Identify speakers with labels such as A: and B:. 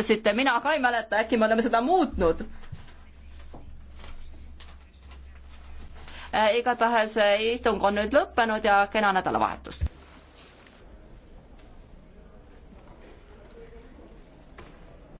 A: ütlesite, mina ka ei mäleta, äkki me oleme seda muutnud äh, igatahes äh, istung on nüüd lõppenud ja kena nädalavahetust!